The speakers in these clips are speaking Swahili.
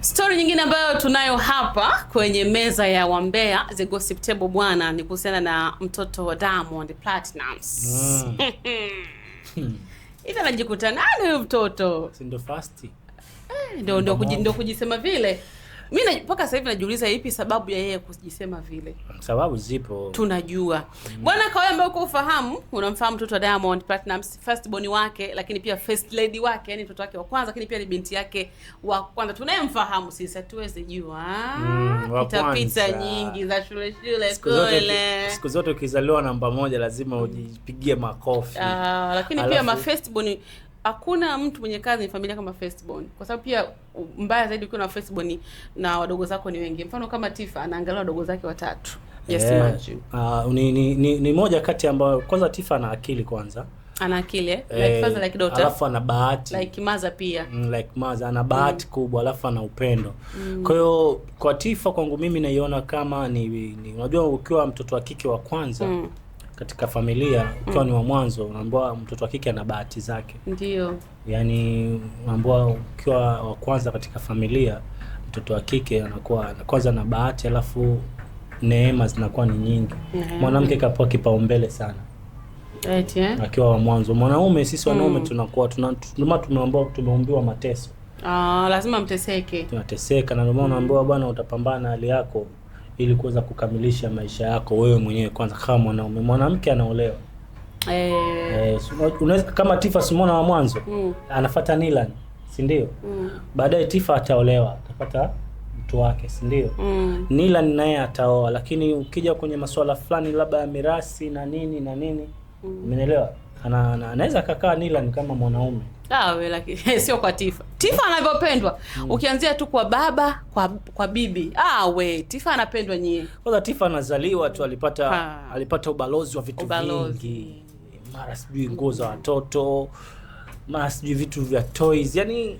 Stori nyingine ambayo tunayo hapa kwenye meza ya Wambea the Gossip Table bwana, ni kuhusiana na mtoto wa Diamond Platnumz. Hmm. Hivi anajikuta nani huyu mtoto? Si ndo Eh, ndo ndo kujisema vile mimi mpaka sasa hivi najiuliza ipi sababu ya yeye kujisema vile. Sababu zipo. Tunajua. Mm. Bwana Kawe ambaye uko ufahamu, unamfahamu mtoto wa Diamond Platinum, first born wake, lakini pia first lady wake, yani mtoto wake wa kwanza, lakini pia ni binti yake wa kwanza. Tunayemfahamu sisi hatuwezi jua. Mm, Itapita nyingi za shule shule kule. Siku zote ukizaliwa namba moja lazima ujipigie makofi. Ah, lakini Alafu, pia ma first born hakuna mtu mwenye kazi ni familia kama firstborn, kwa sababu pia mbaya zaidi ukiwa na firstborn na wadogo zako ni wengi. Mfano kama Tifa anaangalia wadogo zake watatu. Yes, yeah. Uh, ni, ni, ni, ni moja kati ambayo kwanza Tifa ana akili kwanza ana akili eh? eh, like father like daughter, alafu ana bahati like mother pia mm, like mother ana bahati mm. kubwa, alafu ana upendo mm. Kwa hiyo kwa Tifa kwangu mimi naiona kama ni, ni unajua ukiwa mtoto wa kike wa kwanza mm katika familia ukiwa mm. ni wa mwanzo unaambiwa mtoto wa kike ana bahati zake. Ndio. Yaani unaambiwa ukiwa wa kwanza katika familia mtoto wa kike anakuwa kwanza na bahati alafu neema zinakuwa ni nyingi. Mwanamke kapewa kipaumbele sana. Eti eh? Akiwa wa mwanzo. Mwanaume sisi mm. wanaume mm. tunakuwa tuna tumeambiwa tumeumbiwa mateso. Ah, lazima mteseke. Tunateseka na ndio maana unaambiwa bwana utapambana hali yako ili kuweza kukamilisha maisha yako wewe mwenyewe kwanza kama mwanaume. Mwanamke anaolewa eh, E, unaweza kama Tifa Simona wa mwanzo mm. anafuata Nilan, si ndio? mm. baadaye Tifa ataolewa atapata mtu wake, si ndio? mm. Nilan naye ataoa, lakini ukija kwenye masuala fulani labda ya mirasi na nini na nini, mm. umeelewa? mm. ana, anaweza kakaa Nilan kama mwanaume Sawa, lakini sio kwa Tifa. Tifa anavyopendwa mm. Ukianzia tu kwa baba kwa kwa bibi ah, we Tifa anapendwa nyie. Kwanza Tifa anazaliwa tu alipata ha. alipata ubalozi wa vitu ubalozi. vingi mara sijui nguo za watoto mara sijui vitu vya toys, yani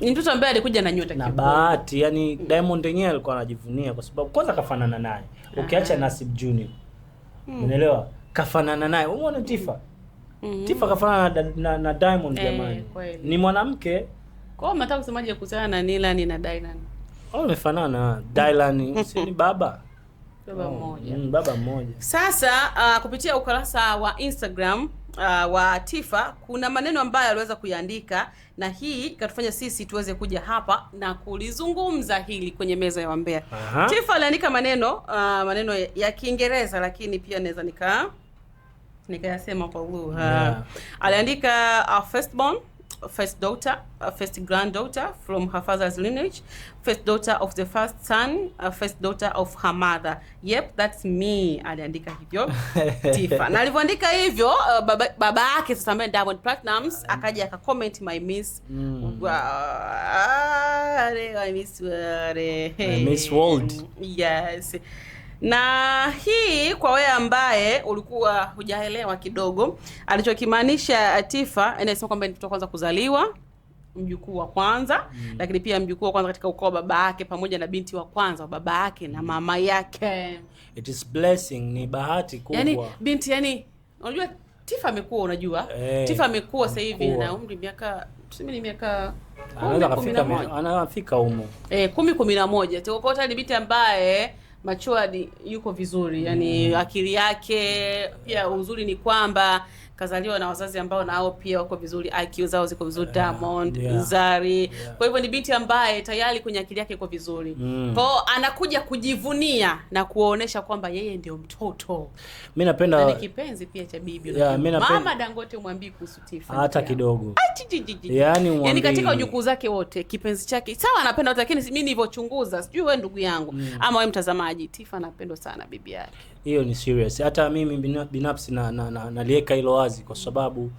ni mtoto ambaye alikuja na nyota na bahati yani Diamond yenyewe alikuwa anajivunia kwa sababu kwanza kafanana naye, ukiacha ah. Nasib Junior, hmm. unaelewa, Kafanana naye, umeona Tifa mm. Mm. Tifa kafana na, na, na Diamond eh, jamani. Ni mwanamke. Kwa hiyo mnataka kusemaje kuhusiana na Nilani na Dylan? Oh, amefanana. Dylan si ni baba. Baba oh, mmoja. mm, baba mmoja. Sasa uh, kupitia ukurasa wa Instagram uh, wa Tifa kuna maneno ambayo aliweza kuyaandika na hii ikatufanya sisi tuweze kuja hapa na kulizungumza hili kwenye meza ya wambea. Aha. Tifa aliandika maneno uh, maneno ya Kiingereza lakini pia naweza nika nikayasema kwa lugha yeah. Aliandika uh, born first daughter uh, first granddaughter from her father's lineage first daughter of the first son uh, first daughter of her mother yep that's me aliandika hivyo Tifa na alivyoandika hivyo uh, baba, yake sasa ambaye Diamond Platnumz akaja aka comment my miss mm. wow, ah, I miss, I miss eh, world yes na hii kwa wewe ambaye ulikuwa hujaelewa kidogo alichokimaanisha Atifa, inasema kwamba ni mtoto kwanza kuzaliwa, mjukuu wa kwanza mm. lakini pia mjukuu wa kwanza katika ukoo wa baba yake, pamoja na binti wa kwanza wa baba yake na mama yake. It is blessing, ni bahati kubwa. Yani binti, yani unajua Tifa amekuwa unajua, hey, eh, Tifa amekuwa sasa hivi na umri miaka tuseme ni miaka anaweza kufika anafika humo eh, 10 11 tukokota Ni binti ambaye Machua yuko vizuri, yani mm. akili yake pia. Uzuri ni kwamba kazaliwa na wazazi ambao nao pia wako vizuri, IQ zao ziko vizuri, ah, Diamond yeah. Zari yeah. Kwa hivyo ni binti ambaye tayari kwenye akili yake iko vizuri mm. Kwao anakuja kujivunia na kuonesha kwamba yeye ndio mtoto. Mimi napenda na ni kipenzi pia cha bibi yeah, mimi napenda mama Dangote, umwambie kuhusu Tiffany hata kidogo, yani yaani mwambie, yaani katika wajukuu zake wote kipenzi chake sawa, anapenda lakini mimi nilivyochunguza, sijui wewe ndugu yangu mm. ama wewe mtazamaji, Tiffany anapendwa sana bibi yake hiyo ni serious. Hata mimi binafsi na, na, na, naliweka hilo wazi kwa sababu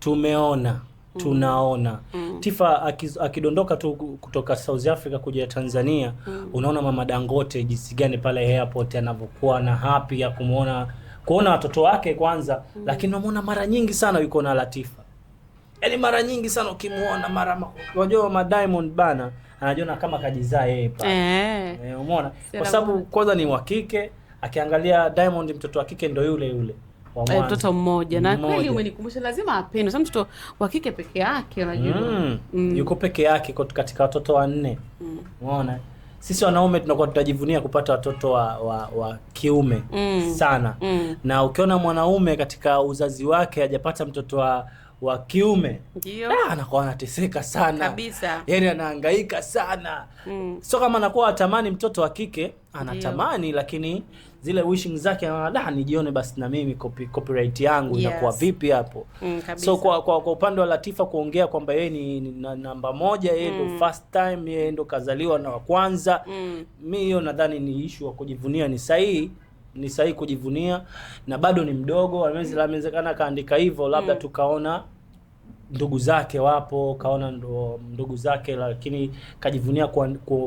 tumeona mm. tunaona mm. Tifa akidondoka tu kutoka South Africa kuja Tanzania mm. Unaona mama Dangote jinsi gani pale airport anavyokuwa na happy ya kumuona kuona watoto wake kwanza mm. Lakini unamwona mara nyingi sana yuko na Latifa, yaani mara nyingi sana ukimuona, mara unajua ma Diamond bana anajiona kama kajizaa yeye pale eh. eh umeona kwa sababu kwanza ni wa kike akiangalia Diamond mtoto wa kike ndo yule yule wa eh, mtoto mmoja, na kweli umenikumbusha, lazima apendwe. Sasa mtoto wa kike peke yake unajua mm. mm. yuko peke yake katika watoto wanne mm. sisi wanaume tunakuwa tutajivunia kupata watoto wa, wa, wa kiume mm. sana mm. na ukiona mwanaume katika uzazi wake hajapata mtoto wa wa kiume ah, anakuwa anateseka sana kabisa, yani anahangaika sana mm. Sio kama anakuwa atamani mtoto wa kike anatamani Lakini zile wishing zake anaona ah, nijione basi na mimi copy, copyright yangu yes. Inakuwa vipi hapo mm, so kwa, kwa, kwa upande wa Latifa kuongea kwamba yeye ni, ni namba moja yeye ndo mm. first time yeye ndo kazaliwa na wa kwanza mm. Mi hiyo nadhani ni issue wa kujivunia, ni sahihi ni sahihi kujivunia na bado ni mdogo, inawezekana mm. kaandika hivyo labda mm. tukaona ndugu zake wapo, kaona ndugu zake, lakini kajivunia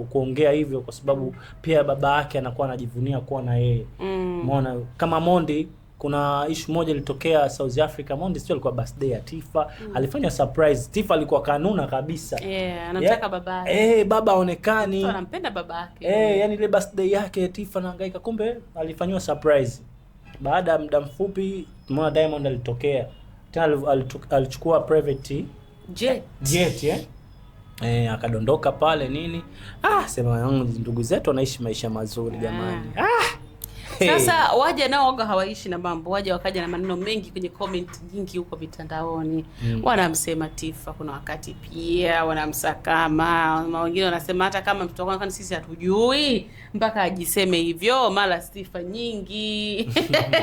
kuongea hivyo kwa sababu pia baba yake anakuwa anajivunia kuwa na yeye mm. kama Mondi kuna ishu moja ilitokea South Africa, Mondi sio alikuwa birthday ya Tifa mm. alifanya surprise. Tifa alikuwa kanuna kabisa yeah, anamtaka yeah. baba eh, baba aonekani, anampenda baba yake eh, yani ile birthday yake Tifa nahangaika, kumbe alifanywa surprise. Baada ya muda mfupi tumeona Diamond alitokea tena, alichukua private jet jet eh E, akadondoka pale nini. Ah, sema yangu ndugu zetu wanaishi maisha mazuri ah. jamani, yeah. Ah. Hey. Sasa waja nao waga hawaishi na mambo, waja wakaja na maneno mengi kwenye comment nyingi huko mitandaoni mm. Wanamsema Tifa kuna wakati pia wanamsakama, wengine wanasema hata kama mtoto wako sisi hatujui mpaka ajiseme hivyo, mara sifa nyingi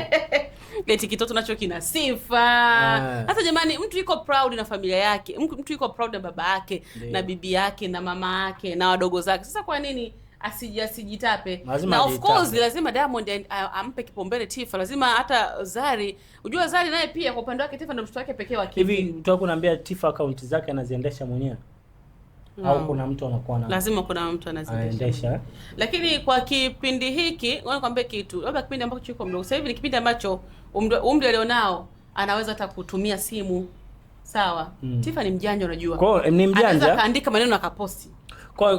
eti kitoto nacho kina sifa ah. sasa. Jamani, mtu yuko proud na familia yake, mtu yuko proud na baba yake yeah. na bibi yake na mama yake na wadogo zake, sasa kwa nini asijitape na of course lazima Diamond uh, ampe kipaumbele Tifa, lazima hata Zari. Unajua Zari naye pia kwa upande wake Tifa ndio mtoto wake pekee wa Hivi mtu wako naambia Tifa akaunti zake anaziendesha mwenyewe mm. Au kuna mtu anakuwa na, lazima kuna mtu anaziendesha. Lakini kwa kipindi hiki ngoja nikwambie kitu, labda kipindi ambacho yuko mdogo sasa hivi ni kipindi ambacho umri alionao anaweza hata kutumia simu sawa. Mm. Tifa ni mjanja, unajua kwa eh, ni mjanja, kaandika maneno akaposti kwa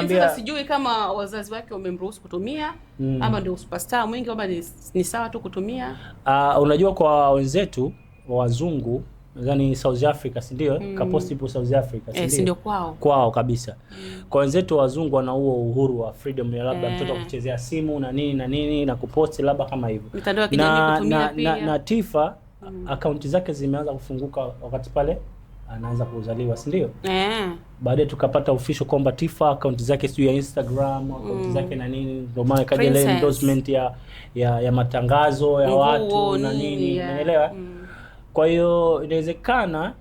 hiyo sijui kama wazazi wake wamemruhusu kutumia mm. ama ndio superstar mwingi ama ni, ni sawa tu kutumia. Uh, unajua kwa wenzetu wazungu nadhani South Africa si ndio? mm. Kaposti ipo South Africa si ndio? Eh, si ndio kwao. Kwao kabisa. Mm. Kwa wenzetu wazungu wana huo uhuru wa freedom ya labda eh, mtoto kuchezea simu na nini na nini na kuposti labda kama hivyo. Mitandao ya kijamii kutumia na, pia. Na, na Tifa mm. akaunti zake zimeanza kufunguka wakati pale anaanza kuzaliwa, si ndio? Yeah. Baadaye tukapata official kwamba Tifa akaunti zake sio ya Instagram, akaunti mm. zake na nini, ndio maana kaja ile endorsement ya, ya ya matangazo ya Nguo, watu na nini, unaelewa? Yeah. Mm. Kwa hiyo inawezekana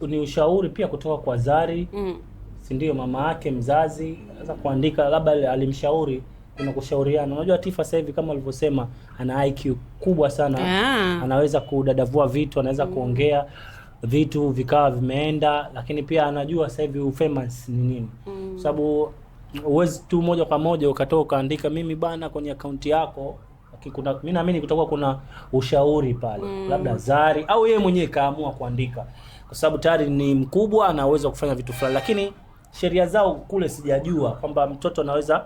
ni ushauri pia kutoka kwa Zari mm. si ndio, mama yake mzazi anaweza kuandika, labda alimshauri kuna kushauriana. Unajua Tifa sasa hivi kama alivyosema, ana IQ kubwa sana yeah. anaweza kudadavua vitu, anaweza mm. kuongea vitu vikawa vimeenda, lakini pia anajua sasa hivi famous ni nini mm. sababu uwezi tu moja kwa moja ukatoka ukaandika mimi bana kwenye akaunti yako kuna mimi naamini kutakuwa kuna ushauri pale mm. labda Zari au yeye mwenyewe kaamua kuandika kwa sababu tayari ni mkubwa anaweza kufanya vitu fulani, lakini sheria zao kule sijajua kwamba mtoto anaweza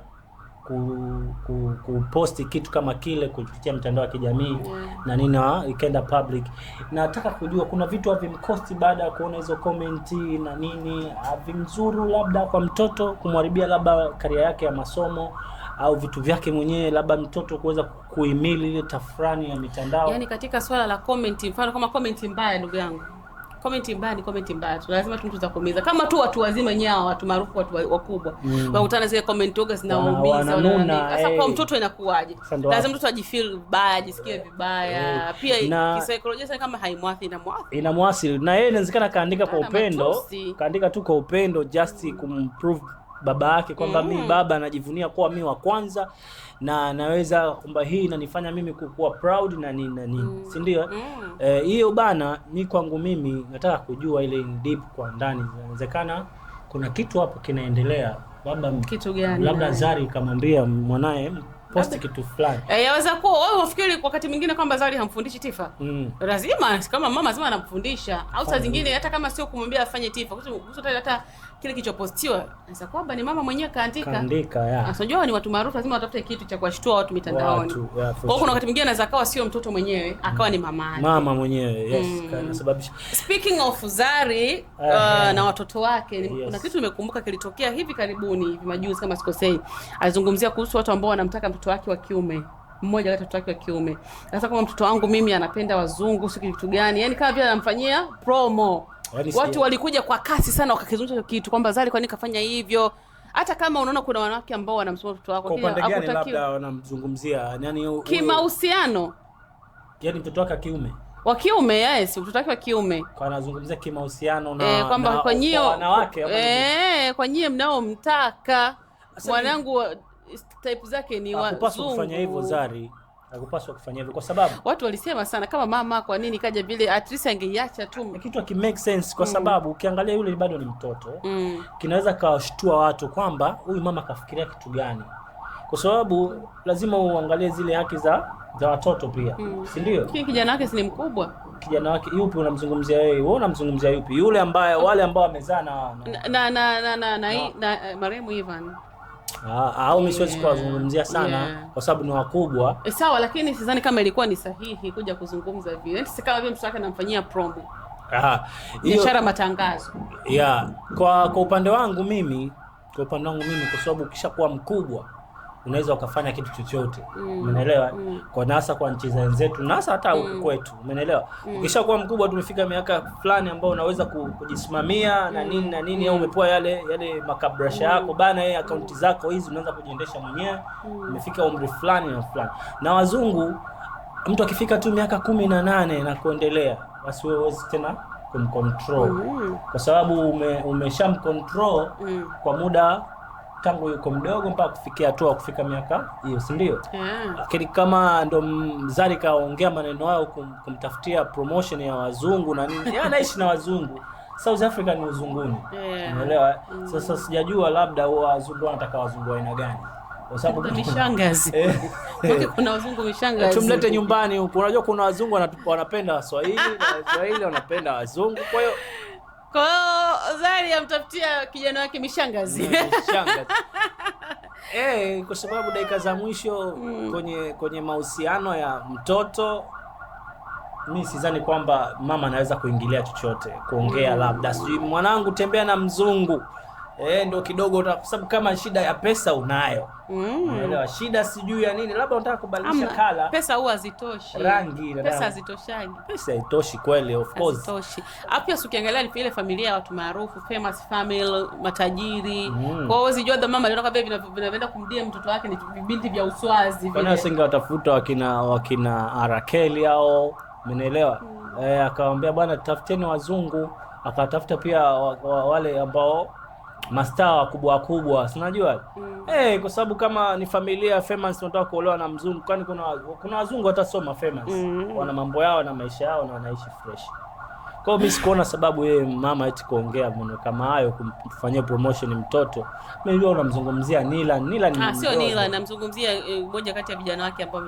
ku, kuposti kitu kama kile kupitia mtandao wa kijamii yeah. na nini ikaenda public. Nataka kujua kuna vitu havimkosti baada ya kuona hizo komenti na nini, havimzuru labda kwa mtoto, kumharibia labda karia yake ya masomo au vitu vyake mwenyewe, labda mtoto kuweza kuhimili ile tafrani ya mitandao, yani katika swala la komenti, mfano kama komenti mbaya, ndugu yangu Komenti mbaya ni komenti mbaya tu, lazima tu za kuumiza, kama tu watu wazima nyawa, watu maarufu, watu wakubwa mm. wakutana zile komenti oga zinawaumiza. Sasa kwa eh. mtoto inakuwaje? Lazima mtoto ajifeel vibaya, ajisikie vibaya eh. pia na... kisaikolojia sana kama haimwathi ina mwasi na yeye inawezekana kaandika kwa upendo, kaandika tu kwa upendo just mm. kumprove baba yake kwamba mm. mi mhm. baba anajivunia kuwa mi wa kwanza na naweza kwamba hii inanifanya mimi kukuwa proud na nini na nini mm. si ndio? Mm. Eh, hiyo mm. e, bana, mi kwangu mimi nataka kujua ile deep kwa ndani, inawezekana kuna kitu hapo kinaendelea, baba kitu gani, labda Zari kamwambia mwanaye post kitu fulani. Eh, yaweza kuwa wewe unafikiri wakati mwingine kwamba Zari hamfundishi Tifa. Mm. Lazima kama mama lazima anamfundisha au saa zingine hata kama sio kumwambia afanye Tifa. Kwa sababu hata kile kilichopostiwa naweza kwamba ni mama mwenyewe kaandika kaandika, yeah. Unajua ni watu maarufu lazima watafute kitu cha kuwashtua watu mitandaoni. Kwa hiyo Kuna wakati mwingine anaweza akawa sio mtoto mwenyewe mm. akawa ni mama mama mwenyewe yes, mm. Kana sababisha. Speaking of Zari uh, ah, uh, na watoto wake yes. Kuna kitu nimekumbuka kilitokea hivi karibuni hivi majuzi kama sikosei, alizungumzia kuhusu watu ambao wanamtaka mtoto wake wa kiume mmoja kati watoto wake wa kiume. Sasa kama mtoto wangu mimi anapenda wazungu, sio kitu gani, yaani kama vile anamfanyia promo watu walikuja kwa kasi sana wakakizungumza kitu kwamba Zari, kwani kafanya hivyo? Hata kama unaona kuna wanawake ambao wanamsoma mtoto wako, upande labda wanamzungumzia yani kimahusiano, yani mtoto wake kiume wa kiume yes, mtoto wake wa kiume kwa anazungumzia kimahusiano na e, kwamba kwa nyie wanawake eh, kwa nyie mnaomtaka mwanangu type zake ni wazungu. Hapaswi kufanya hivyo Zari. Hakupaswa kufanya hivyo kwa sababu watu walisema sana kama mama, kwa nini kaja vile? At least angeiacha tu kitu ki make sense, kwa mm. sababu ukiangalia mm. yule bado ni mtoto mm. kinaweza kawashtua watu kwamba huyu mama kafikiria kitu gani, kwa sababu lazima uangalie zile haki za za watoto pia mm. si ndio? Kijana wake si ni mkubwa kijana wake yupi? Unamzungumzia wewe, wewe unamzungumzia yupi? Yule ambaye wale ambao wamezaa na na na na, na, na, na, na, na, na, na, na, na, na, na, na, na, na, marehemu Ivan Ah, au mimi siwezi kuwazungumzia sana yeah. kwa sababu ni wakubwa e, sawa, lakini sidhani kama ilikuwa ni sahihi kuja kuzungumza vile, yaani si kama vile mtu wake anamfanyia promo ah, biashara matangazo yeah. Kwa kwa upande wangu mimi kwa upande wangu mimi kwa sababu ukishakuwa mkubwa unaweza ukafanya kitu chochote mm. Umeelewa? mm. Kwa nasa kwa nchi za wenzetu nasa hata mm. kwetu, umeelewa? mm. Ukishakuwa mkubwa, tumefika miaka fulani ambao unaweza kujisimamia mm. na nini na nini au mm. umepewa yale yale makabrasha mm. yako bana, yeye akaunti zako hizi unaanza kujiendesha mwenyewe mm. Umefika umri fulani na fulani, na wazungu mtu akifika tu miaka kumi na nane na kuendelea, basi wewe huwezi tena kumcontrol mm. kwa sababu umeshamcontrol ume mm. kwa muda tangu yuko mdogo mpaka kufikia hatua kufika miaka hiyo, si ndio? Ah. Lakini yeah. Kama ndo mzali kaongea maneno hayo kum, kumtafutia promotion ya wazungu na nini, yeye anaishi na wazungu. South Africa ni uzunguni, eh. unaelewa? yeah. mm. Sasa sijajua labda wazungu wanataka wazungu aina gani kwa sababu eh. kuna wazungu mishangazi, eh, tumlete nyumbani huku. Unajua kuna wazungu wanapenda Waswahili na Waswahili wanapenda wazungu, kwa hiyo kwa hiyo Zari amtafutia kijana wake mishangazi mm, eh, kwa sababu dakika za mwisho mm. kwenye kwenye mahusiano ya mtoto mi sidhani kwamba mama anaweza kuingilia chochote, kuongea mm. labda sijui mwanangu tembea na mzungu eh, ndio kidogo, kwa sababu kama shida ya pesa unayo mm. Elewa shida sijui ya nini, labda unataka kubadilisha kala, pesa huwa hazitoshi, rangi pesa hazitoshaji, pesa haitoshi kweli, of course hazitoshi. Hapo si ukiangalia ni ile familia ya watu maarufu, famous family, matajiri mm. Kwa hiyo sijua the mama leo kabla vinavyoenda kumdia mtoto wake ni vibinti vya uswazi vile, asinge watafuta wakina wakina Arakeli au umenielewa mm. Eh, akamwambia bwana, tafuteni wazungu, akatafuta pia wale ambao mastaa wakubwa wakubwa, si unajua mm. Hey, eh, kwa sababu kama ni familia ya famous tunataka kuolewa na mzungu, kwani kuna kuna wazungu watasoma famous mm. wana mambo yao na maisha yao na wanaishi fresh. Kwa hiyo mimi sikuona sababu yeye mama eti kuongea mbona kama hayo kumfanyia promotion mtoto. Mimi leo namzungumzia Nila, Nila ni ah, sio Nila, namzungumzia mmoja eh, e, kati ya vijana wake ambao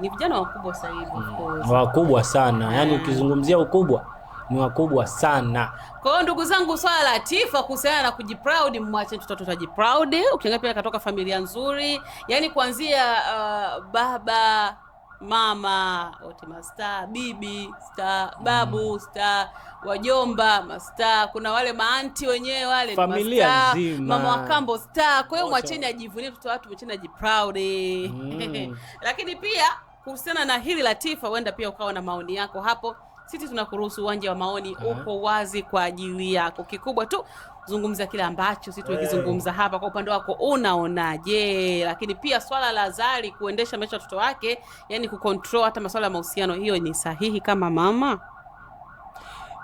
ni vijana wakubwa sasa hivi. Mm. Wakubwa sana. Yaani mm. ukizungumzia ukubwa ni wakubwa sana. Kwa hiyo ndugu zangu, swala la Tifa kuhusiana na kujiproud, mwache mtoto tajiproud. Ukiangalia pia katoka familia nzuri, yaani kuanzia uh, baba mama wote mastaa, bibi sta babu mm. sta wajomba masta kuna wale maanti wenyewe wale familia nzima, mama wa kambo Kwa hiyo mwacheni ajivunie mtoto watu, mwacheni ajiproud mm. Lakini pia kuhusiana na hili la Tifa, huenda pia ukawa na maoni yako hapo sisi tunakuruhusu, uwanja wa maoni uko wazi kwa ajili yako. Kikubwa tu zungumza kile ambacho sisi tukizungumza eh. hapa. Kwa upande wako unaonaje? Lakini pia swala la Zari kuendesha maisha watoto wake, yani kucontrol hata masuala ya mahusiano, hiyo ni sahihi kama mama?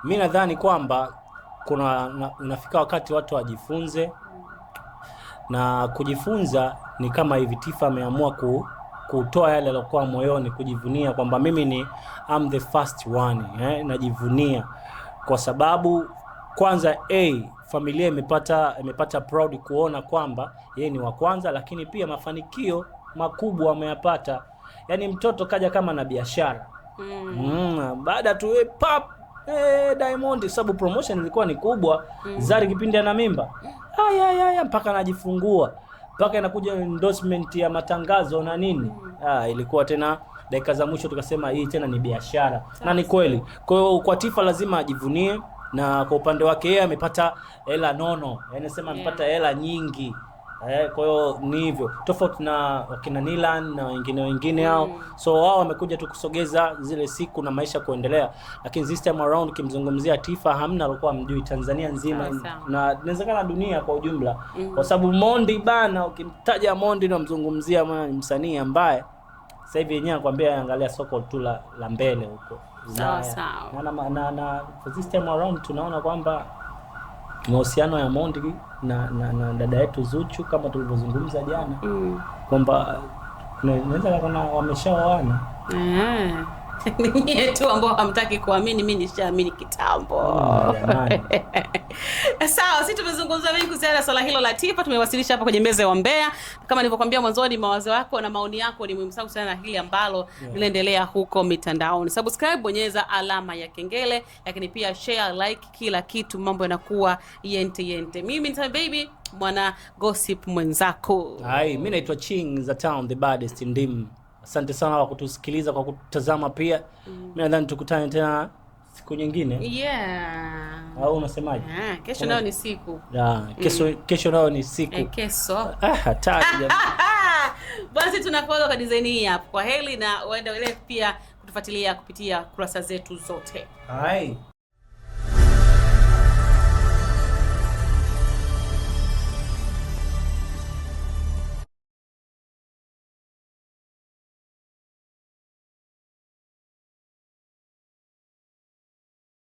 Mi nadhani kwamba kuna na, unafika wakati watu wajifunze, na kujifunza ni kama hivi, Tifa ameamua ku kutoa yale yaliokuwa moyoni, kujivunia kwamba mimi ni I'm the first one eh, najivunia kwa sababu kwanza hey, familia imepata imepata proud kuona kwamba yeye ni wa kwanza, lakini pia mafanikio makubwa ameyapata. Yaani mtoto kaja kama na biashara mm. Mm, baada tu hey, eh, pap hey, eh, Diamond, sababu promotion ilikuwa ni kubwa mm. Zari kipindi ana mimba mpaka anajifungua mpaka inakuja endorsement ya matangazo na nini. Mm. Ah, ilikuwa tena dakika za mwisho tukasema hii tena ni biashara na ni kweli. Kwa hiyo kwa Tifa lazima ajivunie, na kwa upande wake yeye amepata hela nono, yaani sema amepata hela nyingi Eh, kwa hiyo ni hivyo tofauti na wakina Nilan na wengine wengine hao mm. So wao wamekuja tu kusogeza zile siku na maisha kuendelea, lakini this time around kimzungumzia Tifa hamna alikuwa mjui Tanzania nzima Asa. na inawezekana dunia kwa ujumla mm. kwa sababu Mondi bana, ukimtaja Mondi unamzungumzia ni msanii ambaye sasa hivi yenyewe anakuambia angalia soko tu la, la mbele huko sawa sawa, na, na, na, na, this time around tunaona kwamba mahusiano ya Mondi na, na, na dada yetu Zuchu kama tulivyozungumza jana mm. kwamba naweza kuna wameshaoana mm. ninyiye tu ambao hamtaki kuamini, mi nishaamini kitambo. Sawa, si tumezungumza mengi kuhusiana na swala hilo la tifa tumewasilisha hapa kwenye meza ya Wambea. Kama nilivyokwambia mwanzoni, mawazo yako na maoni yako ni muhimu sana kuhusiana na hili ambalo linaendelea yeah, huko mitandaoni. Subscribe, bonyeza alama ya kengele, lakini pia share, like, kila kitu, mambo yanakuwa yente yente. Mimi ni baby mwana gossip mwenzako. Hai, mimi naitwa Ching the town the baddest ndim Asante sana kwa kutusikiliza, kwa kututazama pia mm. Mi nadhani tukutane tena siku nyingine yeah. Au unasemaje? Ah, kesho nayo ni siku yeah. Kesho mm. kesho nayo ni siku eh, kesho ah, basi, tunakuaga kwa design hii hapo. Kwa heli na uendelee pia kutufuatilia kupitia kurasa zetu zote. Hai.